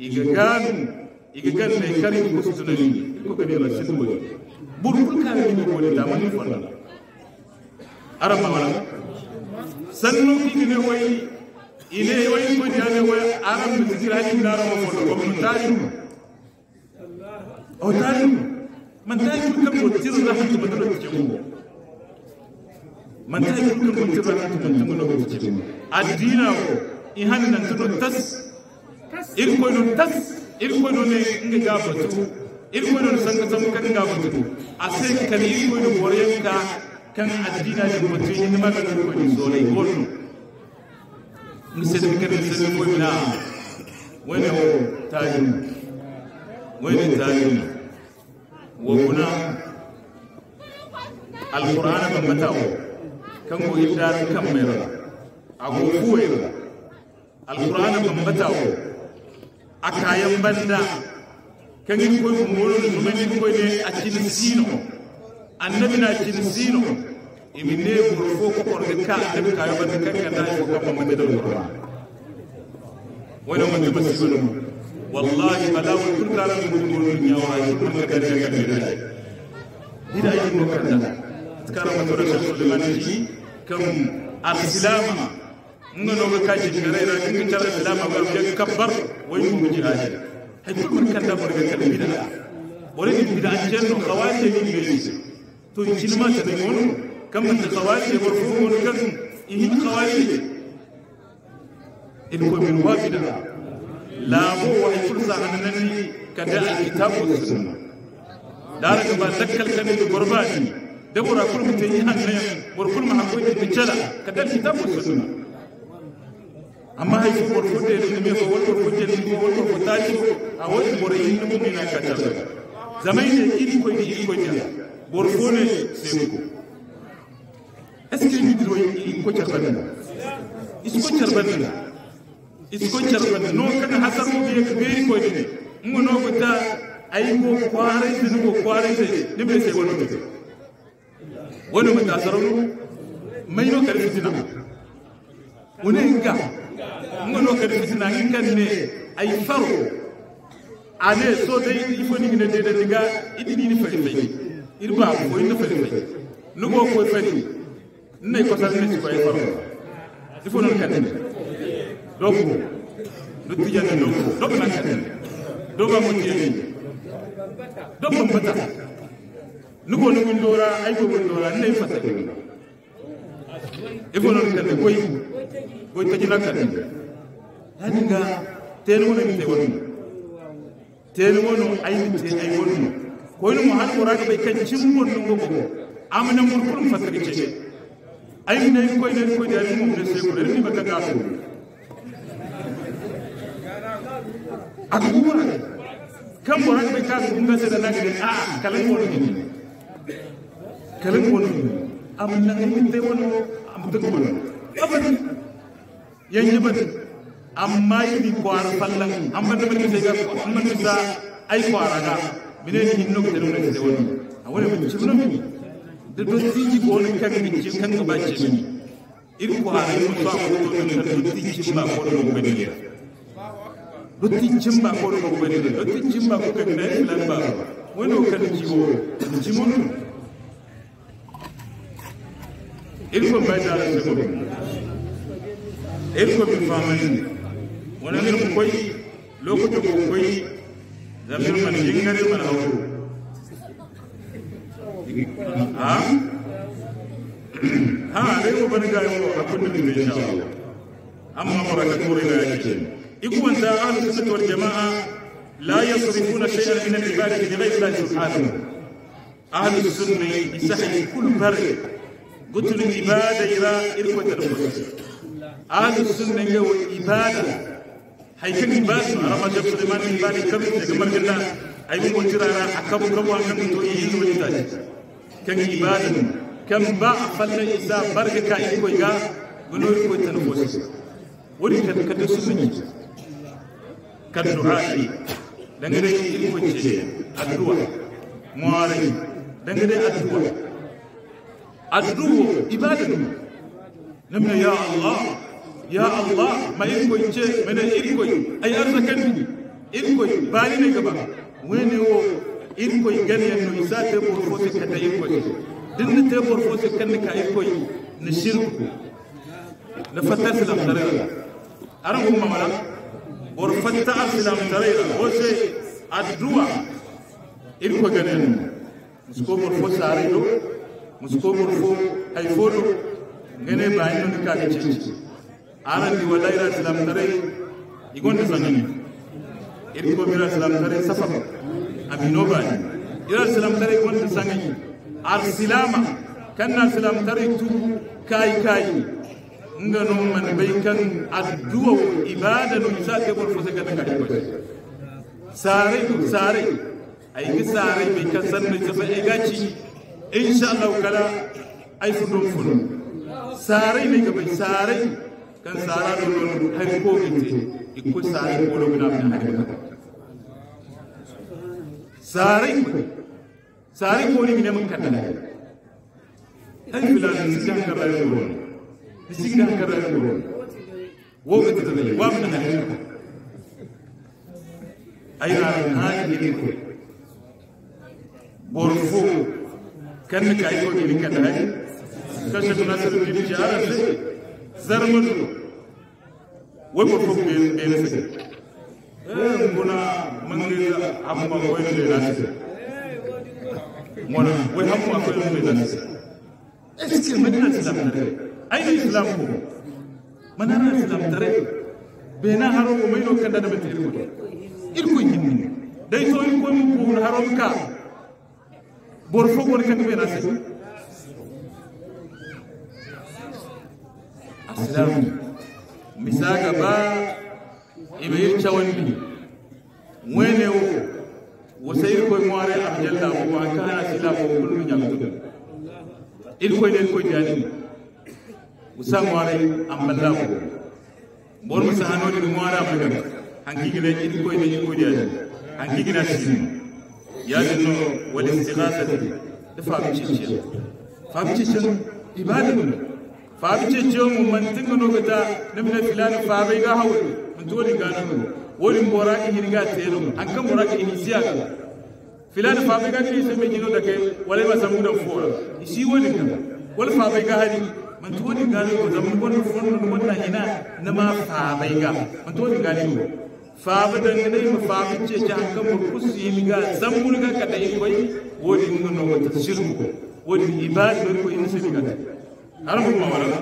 [SPEAKER 1] igagan igagan ne kari ko sutunani ko ko dela sin mo bur bur ka ni ko ni da man fanda arama wala sannu ki ne way ile way ko ni ane way aram bi kirani da rama ko ko tari o tari man tari ko ko ko man ko ko ko adina ko tas irkoyɗum tas ne irkoyɗone nga gabatu san ka sam kan a sai gabatu ase kan irkoyɗo woryanka kan addinaji batu inma kan irkoyɗi soolay golno mi sedmi kan sedmi koymina wone o tajum wone tajum kan alqur'ana bambata o kango iddar kammera ago fuwera alqur'ana bambata o a kayan banda kangin koy molo numani koy ne a cin sino annabi na cin sino imine burfo ko korde ka annabi kayan banda kankan da ko kan mamman da ruwa
[SPEAKER 2] wani mun da musulmi
[SPEAKER 1] wallahi malawu kurkara mun molo nyawa mun ga da ga da
[SPEAKER 2] hida yi mun kan da karamu da rashin limanci kan al-islama
[SPEAKER 1] نغنو بكاشي شريرا كتر الإسلام بلوكي كبر
[SPEAKER 2] ويشوف جهاجي هاي كل من كان دابر
[SPEAKER 1] كتر بدا ولكن بدا أجل خواتي من بيجي تو يجلما تنقون كم من خواتي ورفوه كم إهد خواتي إن كو من واجدا لا بو وحي فرصة أنني كدع الكتاب والسنة دارك ما ذكر كان بقرباتي دبر كل متيها مركل محمود بجلا كدع الكتاب والسنة amma hay bor fudde ɗum ɗume wata wonto ko jelli ko wonto ko taati a woni bor yimɓe iri ko zamayde iri ko iɗi koyɗe bor fone senko est ce que midiro ko carbandina isko carbandina
[SPEAKER 2] isko carbandina non kada hasar mo ɓiye ko ɓeeri koyɗene ngono ko ta
[SPEAKER 1] ayi ko koarayde ni ko koarayde da se wonoɓe wonoɓe ta sarano mayno na fitina one ga ngono ka daga sina ngi kan ay faro ane so dai ifo ni ne de daga idini ni fari mai irba ko ni fari mai lugo ko fari ne ko tan ne ko ay faro ifo non kan ne donc do tijan ne donc donc na kan ne do ba mo tiyan ni do mo bata lugo ni ngondora ay ko ngondora ne fata
[SPEAKER 2] ifo non kan ne koy
[SPEAKER 1] koy tajina kan ne haniga teni wonu mi te wonu ay mi te ay wonu ko ni mu han ko raga be kan cin wonu go go amna mun kulum fasari ce ay mi ne ko ne ko dari yi ne ne ko dari mi baka gaso aduwa ne da a kala wonu ne kalan yi amna ngai mi te am ta ko wonu am ammayini kwara falla ambanda mani sega amman bisa ay kwara ga mine ni hinno ko dum ne woni awore ko chimno mi de do tiji ko ne kan mi ci kan ba ci mi ir ko ha ni musa ko to ne ta do tiji ba ko do ko ne do tiji ba ko do ko ne do tiji ba ko kan ne lan ba woni ko kan ji wo ji mo ir ko ba da ne ko ir ko bi famani wonanir ko koyi lokuto ko koyi zamir man jingarir man hawru ha
[SPEAKER 2] ha dai mo bani gayo ko kunni be insha Allah
[SPEAKER 1] amma maraka kuri na yake ikuwan da ahlus sunnah wal jamaa la yasrifuna shay'an min al-ibadati li ghayri Allah subhanahu ahlus sunnah yasahi kull farq قلت للعبادة إلى إخوة الأمة أهل السنة هو عبادة hay kan ba arama jab suleiman ni bani kam daga margalla ay mun tirara akabu kabu an kan to yi zuwa ta kan ibadan kan ba fallan isa barga ka iko ga gulo ko tan ko wuri kan kan su sunni kan du'a'i dangane iko ce addu'a mu'arani dangane addu'a addu'a ibadan lamma ya allah ya allah ma irkoy ce mene irkoy ay arzakandi irkoy bani ne gaba wene wo irkoy ganyen no isa te bor fo ka ta irkoy din te bor fo kan ka irkoy na shirku
[SPEAKER 2] na fatar silam tarayra
[SPEAKER 1] aran kuma mala or fatta tare tarayra wo se addu'a irko ganen musko bor fo sare do musko bor fo ay fo do ngene bani no ka ci arandi walaira silamtare igonde sangani iri ko mira silamtare safaf abinobani ira silamtare igonde sangani ar silama kanna silamtare tu kai kai nga non man bay kan adduwa ibada no isake bor fose kan kadi ko sare sare ay gi sare bai kan ne sa ay gaci insha Allah kala ay fudum fudum sare ne ga bay sare kan sara dulon hay ko gite ikko sara ko do mina mina hay ko sara ko sara ko ni mina mun kan da hay bila ni sigan ka ba ko ni sigan ka ba ko wo gite da wa mina hay ko ay ra ha ni ko bor fo kan ka ay ko ni kan da kan sa na sa ni jara zarmatu wai mafok bai nasa eh kuna mangiri amma wai ne na nasa
[SPEAKER 2] mona wai hamma akwai ne na nasa
[SPEAKER 1] eske madina islam tare ai islam ko manana islam tare bai na haro ko mai dokan da mutum irko irko yin ne dai so in ko mun ko haro ka borfo ko kan bai nasa
[SPEAKER 2] akirani misaga ba
[SPEAKER 1] ibiyirca wandi mwene wo wosayir koy moare am jalla ko akana sila ko kullu nyamtu il koy den koy jani usa moare am balla ko bor musa hanodi moare am gam hankigile il koy den koy jani
[SPEAKER 2] hankigina sin yadino wal istighasati dafa bi ci ci fa bi
[SPEAKER 1] ci ci ibadatu faabiche chemu mantin gono gata nimne filan faabe ga hawul mantu woni gana no woni mora ki hiriga telo an kan mora ki inisiya ga filan faabe ga kiri se me jino da kai wala ba samu da fora isi woni ga wal faabe ga hari mantu woni gana ko zaman gon fon wannan ina na ma
[SPEAKER 2] faabe ga
[SPEAKER 1] mantu woni gana no fabi da ne ma faabe ce ta an kan mor kusi hiriga zambul ga kada yi koi wodi ngono ta shirmu ko wodi ibadu ko inisiya ga አልኩ ማለት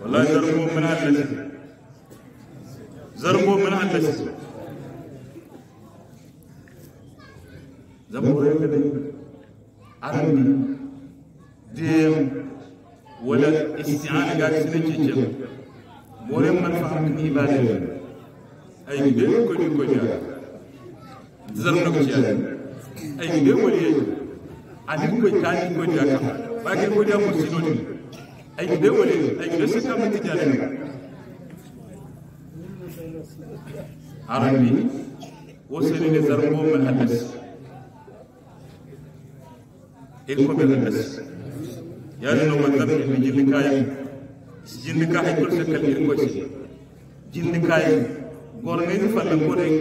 [SPEAKER 1] ወላሂ ዘርቦ ምን አለሽ? ዘርቦ ምን አለሽ? ዘርቦ የለም አረብ ደም
[SPEAKER 2] ወለት ጋር ስለጭጭ
[SPEAKER 1] ሞሬም መንፋት ኢባዳ ay ngeen ko ñu ko jaar zar na ko ci ay ngeen wali ay bagi godiya musu doni ay gide ay gide arabi woseni ne zarbo mal hadas il ko be hadas yani no man dabbi mi jindi kaya jindi kaya ko se kal ko ci jindi kaya gor ngay fa tan ko rek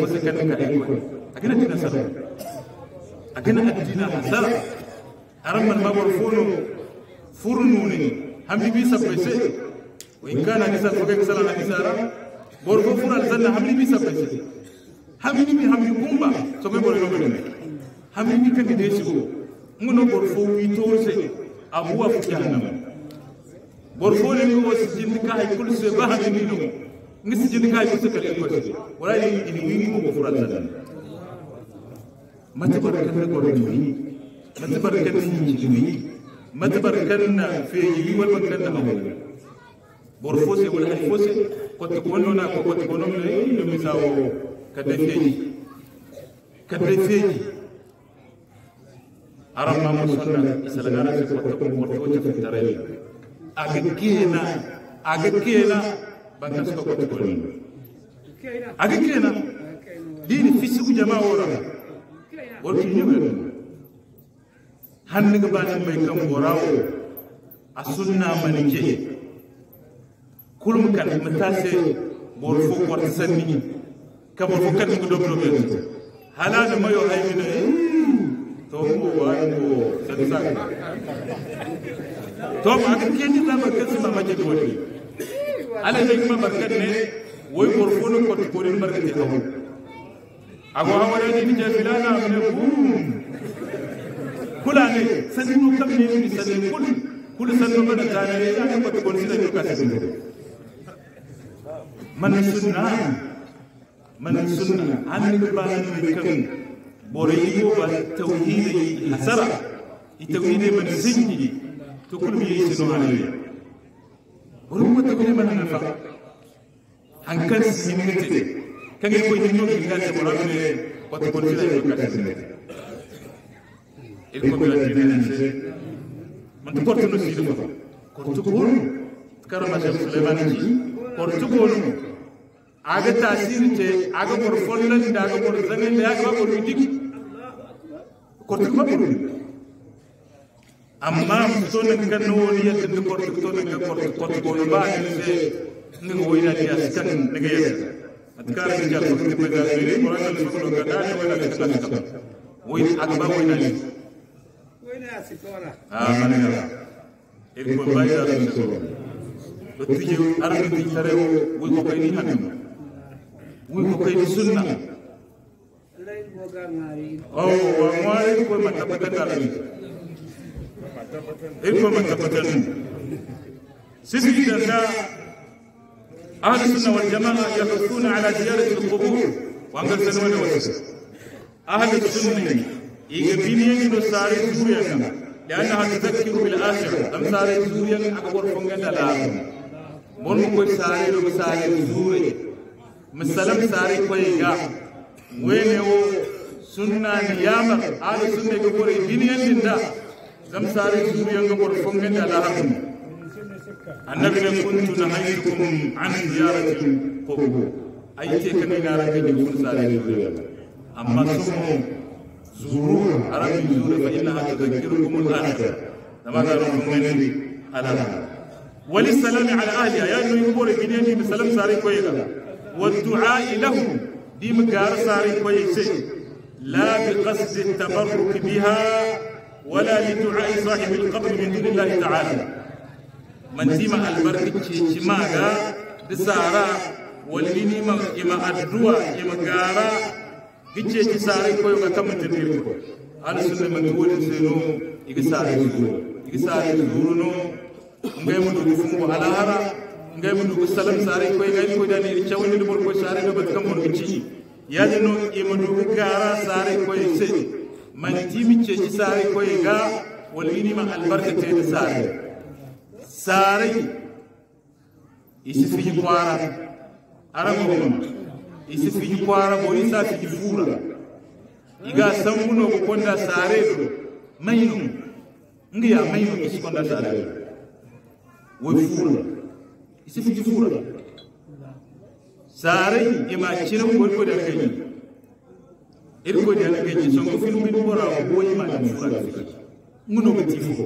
[SPEAKER 1] ko se dina dina haraman mabor fono furnuni hamdi bisa pese ni kisa foke sala na kisara bor go fural zanna hamdi bisa pese hamdi bi hamdi kumba so me bor ngol hamdi bi kan de mo no bor fo wi torse abuwa fu jahannam bor fo le si jindi ka hay kul se ba hamdi no ngisi jindika ay kul kale ko wala ni ni wi ko fural zanna mati bor kan ko ni matabarkan ñi matabarkan na feeji wi wal kan na awol bor fose wal hay fose kote kono na ko kote kono ne no misawo kade feeji kade feeji aram ma mo sonna sala gara kote ko mo to ta tarel aga kena aga kena bangas ko kote kono aga kena dini fisi ujamaa wala wala kinyo hannu gabanin mai kan borawo a suna manike kulmukan kan matase bor fo sanni ka bor fo kan gudo problem halana mayo ay mi ne to ko wa ko sansa to ma ka kenni da barka sima ma je wodi ala ne kuma barka ne wai bor fo no ko ko ne barka te hawo ago hawara ni je filana ne bum kulane saninu kamne ni sanin kul kul no bana tane ya ko to kon sila juka sinu man sunna man sunna amin ko ba ni kan
[SPEAKER 2] bore yi ba tauhid man
[SPEAKER 1] to kul mi yi sinu haleluya bore ko to ne bana nafa hankan sinni te kan ko ni ko to الكوميونتي ليدرشيب من تكورتو نسيدو كورتو كورو كرما شيخ سليمان جي كورتو كورو aga tasiri te aga por follan da aga por zangen da aga por bidik ko to ko buru amma to ne kan no ni ya tin ko to ne ka ko ko ko ba ni se
[SPEAKER 2] ni ko ina ti askan ne ga ya
[SPEAKER 1] atkar ni ja ko ti pe da ni ko ran ni ko ga da ni wala ka ta
[SPEAKER 2] ko wi akba wi na ni sikora amina
[SPEAKER 1] iko mbaida sikora tuje arbi tare wiko ko ni hanan
[SPEAKER 2] wiko ko ni sunna oh wa ngari
[SPEAKER 1] ko matabatan
[SPEAKER 2] iko matabatan
[SPEAKER 1] sisi kita أهل السنة والجماعة يحثون على زيارة القبور وأنقذ سنوات أهل السنة يجبيني يجب الساري sare لأنها تذكر بالآخرة أم ساري سوريا أكبر فنجد الآخرة من مكوي ساري لو ساري sare مسلم ساري كويغا وينه sunna ni yamar ali sunne ga gore biniyan din da zam sare zuriyan ga gore fongen da lahakum annabi ne kuntu na an ziyarati qubur ai ce kan ina ne kun sare zuriyan amma sun زورونا على زورنا فإنها تذكركم الآخر كما قال النبي على وللسلام على أهلها يا أنه يقول جنيني بسلام ساري كويلا والدعاء لهم دي مكار ساري كويسي لا بقصد التبرك بها ولا لدعاء صاحب القبر من دون الله تعالى من ديما البركة شماغا بسارا والمينيما يما الدعاء يما قارا gicce ci sare koy ga kam tirkir ko al sunna matwul sunu igi sare ko igi sare duruno ngay mu du fu mu halahara ngay mu du salam sare koy ngay ko dani ri ni du ko sare no bat kam mun gicci yani no imu du gara sare koy se man timi ce ci sare koy ga wal minima albarka te da sare sare isi fi kwara aran ko isi fijikwara boisa fijifula iga sanguno kukonda saredo mainu ngiya mainu isikonda saredo wefula isi fijifula sare ima chira ngorko da kanyi irko da kanyi songo filu min bora ko ima da fula nguno kutifuko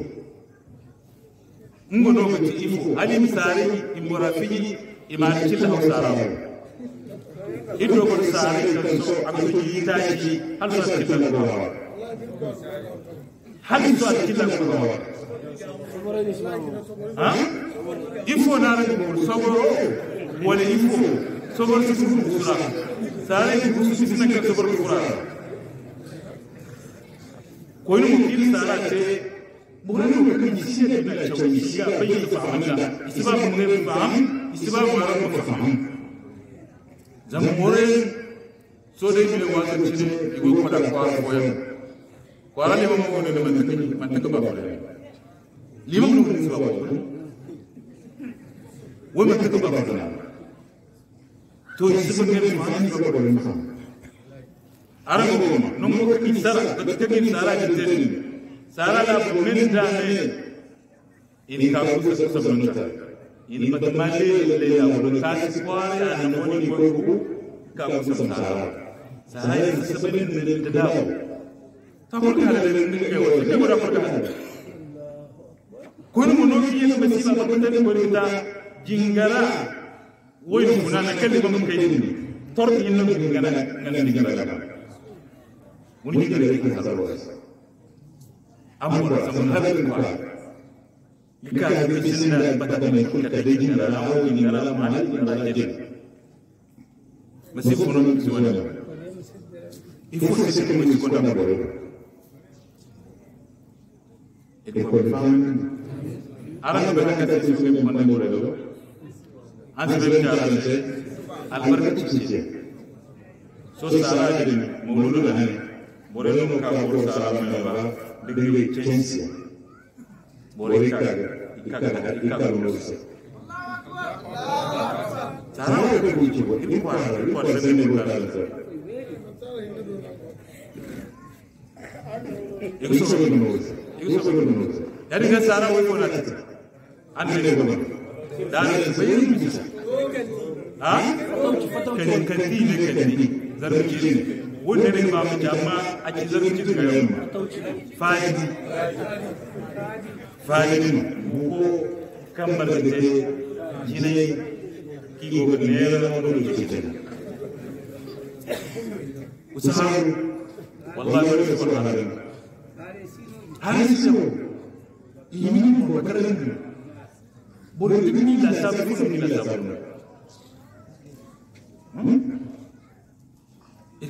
[SPEAKER 1] nguno kutifuko hadi misare imbora
[SPEAKER 2] fiji ima chila hausara
[SPEAKER 1] iddo kono saare kan so aɗa witi yitaaji ɗi halso aɗa tillango wawa halso aɗa tillango wawa ha il faut naarani mum sogoro wona il faut sogor sifir ɗum sura saareki ɗum sifinakka sogor sura koyno mo kil saarate ɓurani ko kañi siyete ɗa coñi siga fayiɗo faamanga isibabu ngeɓe faam isibabu arabo ko faam zamore so dai mi wa ta cire igu kwada kwa koya kwara ne mamu ne mantaka mantaka ba kwara liman mu ne ba kwara wai mantaka ba kwara to yi sun ne su hanin ba kwara ne aran go ma non ko ka kin sara ka ka kin sara ka tare sara la bunin da ne in ka ku sa sa bunin Ini batumaje le la volontas espoare a namoni koyku ka ko samsara sahay lika bisinda bada mai kul ka dai jinda la hawi ni la ma ni la jin masifu no mi wala il faut que c'est comme une conta boro et ko fam aranga be ka ta ci ko man boro do an se be ka al barka ci ci so sara de mawludu da ne boro no ka boro sara me ba de ke chensia 머리카락을 이카로 모르겠어
[SPEAKER 2] 자랑을 끌고 있지 뭐 일과를 일과를 세미고다는 걸 육속을 모르겠어
[SPEAKER 1] 육속을 모르겠어 야리가 사람을 원하지
[SPEAKER 2] 안 되고 나는 왜 이리 미쳐 아?
[SPEAKER 1] 그냥 그냥 그냥 자르기 싫네 wanda ne ba mu jama'a a cikin
[SPEAKER 2] zarafin fa'i
[SPEAKER 1] faadin buko kambargete jinai kigo neera modul jikitena usahan wallahi wala ko bana den harisimo imini ko karagen bodo dimini la sabu ko ni la
[SPEAKER 2] sabu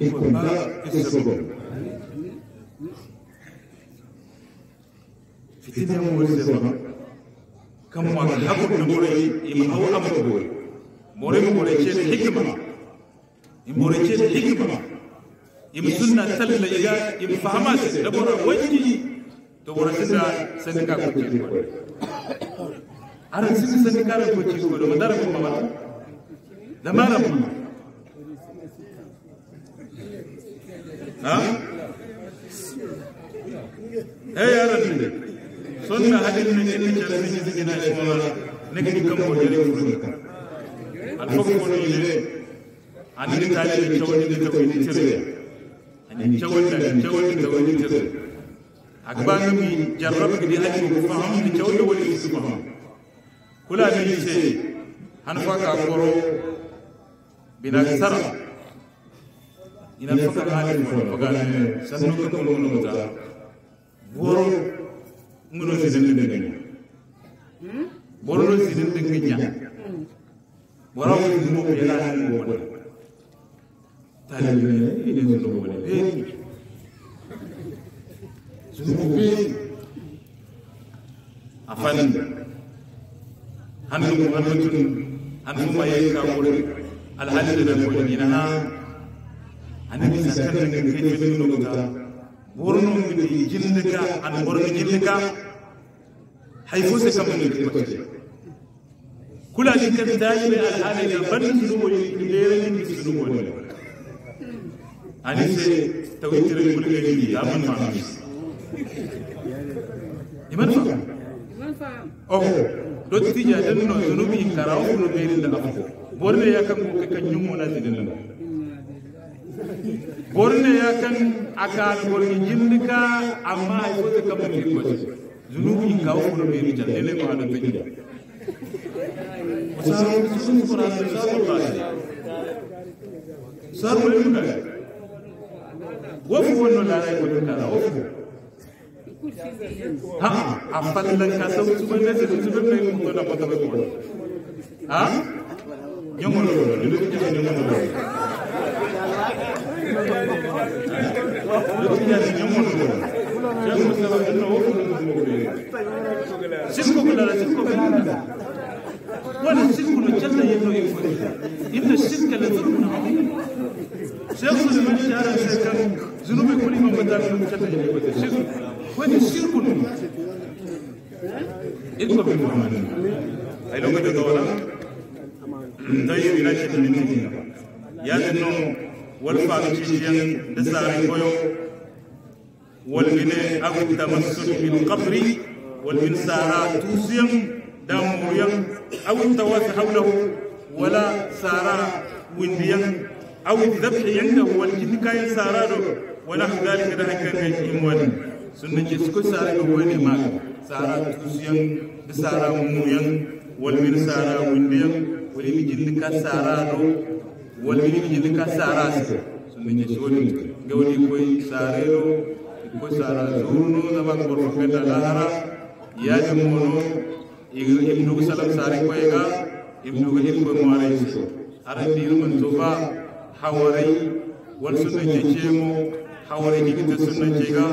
[SPEAKER 2] ikon ba ikon
[SPEAKER 1] fitina ngol zema kam mo ngi hakko no ngol e ma hawa am ko ngol more mo ngol ce hikma mo re ce hikma im sunna talla iga im fahama se da bora wajji to bora tinda sen ka ko ce ko ara sin sen ka ko ce ko do madara ko ma da mara ko
[SPEAKER 2] ha Hey, I don't
[SPEAKER 1] sonna hadirna kene calme ñi génération la nekk di kam ko jëri ko
[SPEAKER 2] al fokk ko ni le
[SPEAKER 1] ani ni tali be taw ni ko ni tere ani taw ni taw ni taw ni tere ak ba nga mi jarrab di hadir ko faham ni taw ni ko kula bi ni sey han fa ka koro bin sar ina fa ka ni ko fa ga sanno ko ko no ta ngono si sen deng deng boro si sen deng deng boro ko mo ko ya la ni ko afan hanu mo hanu tun hanu ma yi ka ko al hadu na ko ni na anabi sakkan ne ke ko ni no ko ta borno ni jinnika an borno
[SPEAKER 2] kula haifunse kamɓe kote
[SPEAKER 1] kulani kadi dayime su zuwa ne
[SPEAKER 2] a ɗi ɗumone ani se tawi tere kulgeni aman famami iman fam
[SPEAKER 1] o ɗo tija denno zunubi kara o no ɓeyrinda afo borne yakango kaka ñummonati denno borne kan akan gorgi jindi ka amma hay fote kamɓe kote
[SPEAKER 2] zunubi ka wono be tan lele ko ada be jida
[SPEAKER 1] usai kusun qur'an usai qur'an sabu limba wofu wono la ray ko dara wofu ha afan lan ka sabu suba ne se suba ne ko da ko da ko ha nyongolo lo lu ko jani nyongolo
[SPEAKER 2] lo lu ko jani nyongolo lo jangu sama no wofu سيسكو كلا سيسكو كلا ولا
[SPEAKER 1] سيسكو الجنة يلو يفوت إن السيسك لذنب عظيم
[SPEAKER 2] سيغفر من شهر
[SPEAKER 1] سيكر ذنوب كل من بدر في الجنة يلو يفوت وين السيرك اذكر بالمحمد
[SPEAKER 2] أي لو قد دولة طيب إلى شيء من
[SPEAKER 1] يا ذنوب والفاتحين لساري كويو
[SPEAKER 2] walmine agum tamassut bil qabri
[SPEAKER 1] wal insara tusiyam damuyam agum tawas hawlahu wala sara windiyam aw dhabhi indahu wal kitkay sara do wala hadalik da hakka ne imwan sunna ci sku sara go wone ma
[SPEAKER 2] sara tusiyam bi sara muyam wal min sara windiyam wal min jindika sara do wal min jindika sara sunna ci wone
[SPEAKER 1] gawdi koy sara do ko sara zurnu zaman gorko fedda lahara yaji mono ibnugo salam sari koyega ibnugo hilko moaraysi arandi irman tofa hawaray wal sunna je cemo hawaray jiginte sunna cega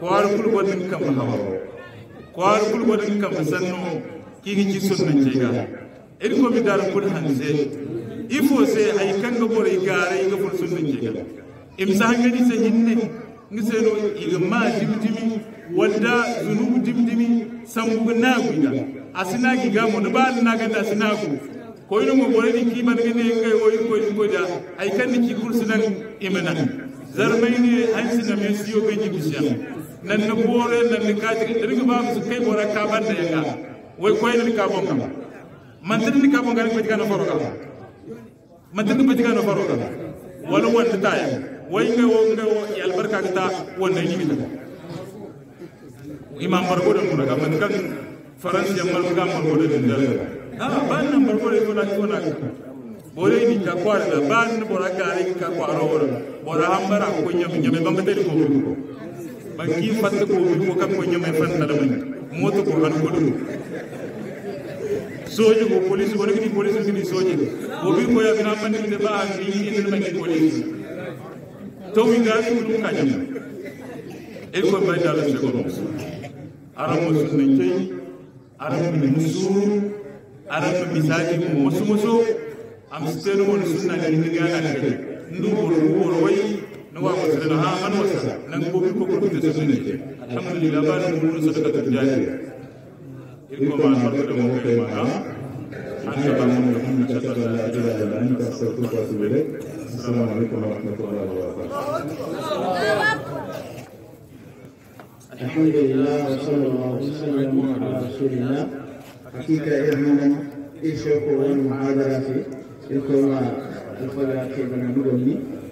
[SPEAKER 1] ko ar kul godin kam hawa ko ar kul godin kam sanno kigi ci sunna cega en ko mi dar kul hanse ifo se ay kanga bore gare ga fur sunna cega imsa ngani se hinne ngi seno iga ma dimdimi wanda zunubu dimdimi sangu na guida asina ki gamo da ba na ga da sina ku ko ino mo bore ni ki ban ga ne kai o ko ko da ai kan ni ki kursu nan imana zarmai ne an sina me siyo ga ji bisha nan na bore nan ni ka ji riga ba su kai bora ka ban da yanga wai ko ni ka bon kam man tin ni ka bon ga ni ka na faro ka man tin ni ka na faro ka wala wanda ta yanga wai ga wanga ya albarka ta wannan yi ta imam barko da ah, mu daga mankan faransi yan malmuka marko da dindal a ban nan barko da kona kona bore ni ka kwara da ban bora ka ri ka kwara wora bora hambara ko nyame nyame ban bade ko ko ban ki fat ko ko kan ko nyame fat da ban moto ko han ko soji ko polisi ko ni polisi ni soji ko bi ko ya bina man ni ba ni ni man ni polisi tawinga shuru kaje e ko mai da lafiya ko aran musu ne kai aran mu musu aran mu misali mu musu musu am stenu mun sunna ni ni ga na kai ndu ko ko wai na wa ko da ha man wasa nan ko bi ko ko da sunne alhamdulillah ba mun sadaka ta jani e ko ma farko da mu kai ma ha أشهد أن محمدا رسول الله أنت أستغفرك وأتوب إليك السلام عليكم ورحمة الله
[SPEAKER 2] وبركاته الحمد لله وصلى الله وسلم على رسول الله حقيقة إرمانا إيشوكو
[SPEAKER 1] والمعادلة في الكوما الخلاقي بن مدني